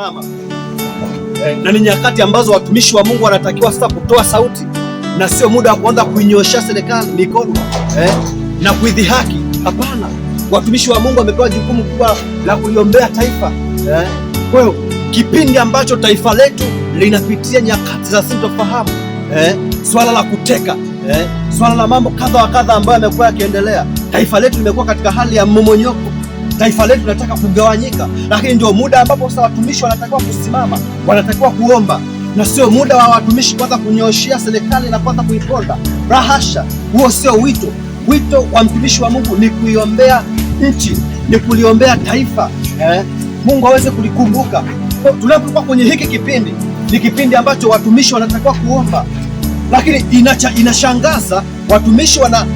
kusimama eh, na ni nyakati ambazo watumishi wa Mungu wanatakiwa sasa kutoa sauti na sio muda wa kuanza kuinyoshea serikali mikono eh, na kuidhihaki. Hapana, watumishi wa Mungu wamepewa jukumu kubwa la kuliombea taifa eh. Kwa hiyo kipindi ambacho taifa letu linapitia nyakati za sintofahamu eh, swala la kuteka eh, swala la mambo kadha wa kadha ambayo yamekuwa yakiendelea, taifa letu limekuwa katika hali ya mmomonyoko taifa letu linataka kugawanyika, lakini ndio muda ambapo sasa watumishi wanatakiwa kusimama, wanatakiwa kuomba na sio muda wa watumishi kwanza kunyoshia serikali na kwanza kuiponda. Rahasha, huo sio wito. Wito wa mtumishi wa Mungu ni kuiombea nchi, ni kuliombea taifa eh, Mungu aweze kulikumbuka. Tunapokuwa kwenye hiki kipindi, ni kipindi ambacho watumishi wanatakiwa kuomba, lakini inacha, inashangaza watumishi wana,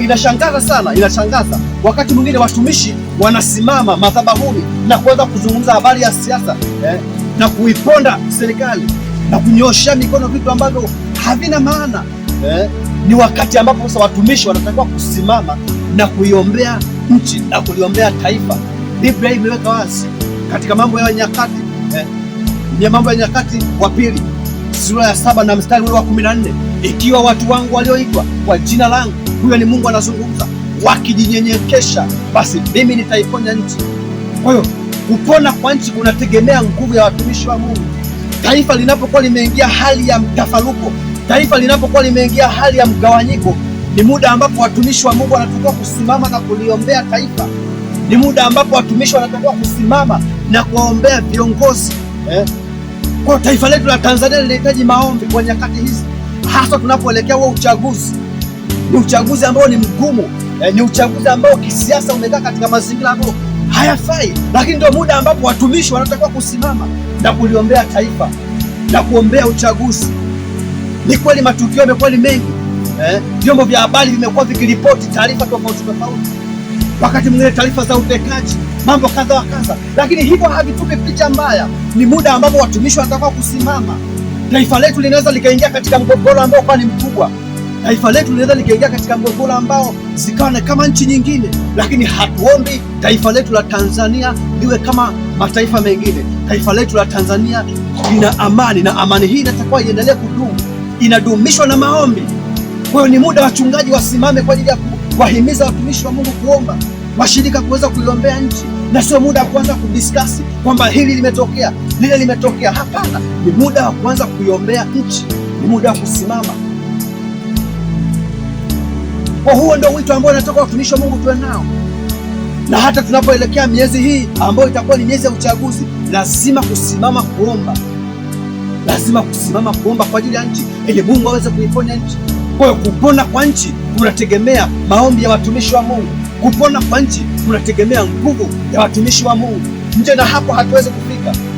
inashangaza sana, inashangaza wakati mwingine watumishi wanasimama madhabahuni na kuweza kuzungumza habari ya siasa eh, na kuiponda serikali na kunyoshea mikono vitu ambavyo havina maana eh. Ni wakati ambapo sasa watumishi wanatakiwa kusimama na kuiombea nchi na kuliombea taifa. Biblia imeweka wazi katika mambo ya nyakati eh, mambo ya nyakati wa pili sura ya saba na mstari wa kumi na nne ikiwa watu wangu walioitwa kwa jina langu, huyo ni Mungu anazungumza, wakijinyenyekesha, basi mimi nitaiponya nchi. Kwa hiyo kupona kwa nchi kunategemea nguvu ya watumishi wa Mungu. Taifa linapokuwa limeingia hali ya mtafaruko, taifa linapokuwa limeingia hali ya mgawanyiko, ni muda ambapo watumishi wa Mungu wanatakiwa kusimama na kuliombea taifa. Ni muda ambapo watumishi wanatakiwa kusimama na kuwaombea viongozi eh? Kwa taifa letu la Tanzania linahitaji maombi kwa nyakati hizi, hasa tunapoelekea huo uchaguzi. Ni uchaguzi ambao ni mgumu, eh, ni uchaguzi ambao kisiasa umekaa katika mazingira ambayo hayafai, lakini ndio muda ambapo watumishi wanatakiwa kusimama na kuliombea taifa na kuombea uchaguzi. Ni kweli matukio yamekuwa ni mengi, eh, vyombo eh, vya habari vimekuwa vikiripoti taarifa tofauti tofauti wakati mwingine taarifa za utekaji, mambo kadha wa kadha, lakini hivyo havitupi picha mbaya. Ni muda ambapo watumishi wanatakiwa kusimama. Taifa letu linaweza likaingia katika mgogoro ambao kwa ni mkubwa. Taifa letu linaweza likaingia katika mgogoro ambao zikawa kama nchi nyingine, lakini hatuombi taifa letu la Tanzania liwe kama mataifa mengine. Taifa letu la Tanzania lina amani, na amani hii inatakiwa iendelee kudumu, inadumishwa na maombi. Kwa hiyo ni muda wachungaji wasimame kwa ajili ya wahimiza watumishi wa Mungu kuomba, washirika kuweza kuiombea nchi, na sio muda wa kuanza kudiskasi kwamba hili limetokea lile limetokea. Hapana, ni muda wa kuanza kuiombea nchi, ni muda wa kusimama kwa huo. Ndio wito ambao unatoka watumishi wa Mungu tuwe nao, na hata tunapoelekea miezi hii ambayo itakuwa ni miezi ya uchaguzi, lazima kusimama kuomba, lazima kusimama kuomba kwa ajili ya nchi, ili Mungu aweze kuiponya nchi. Kwa hiyo kupona kwa nchi kunategemea maombi ya watumishi wa Mungu. Kupona kwa nchi kunategemea nguvu ya watumishi wa Mungu. Nje na hapo hatuwezi kufika.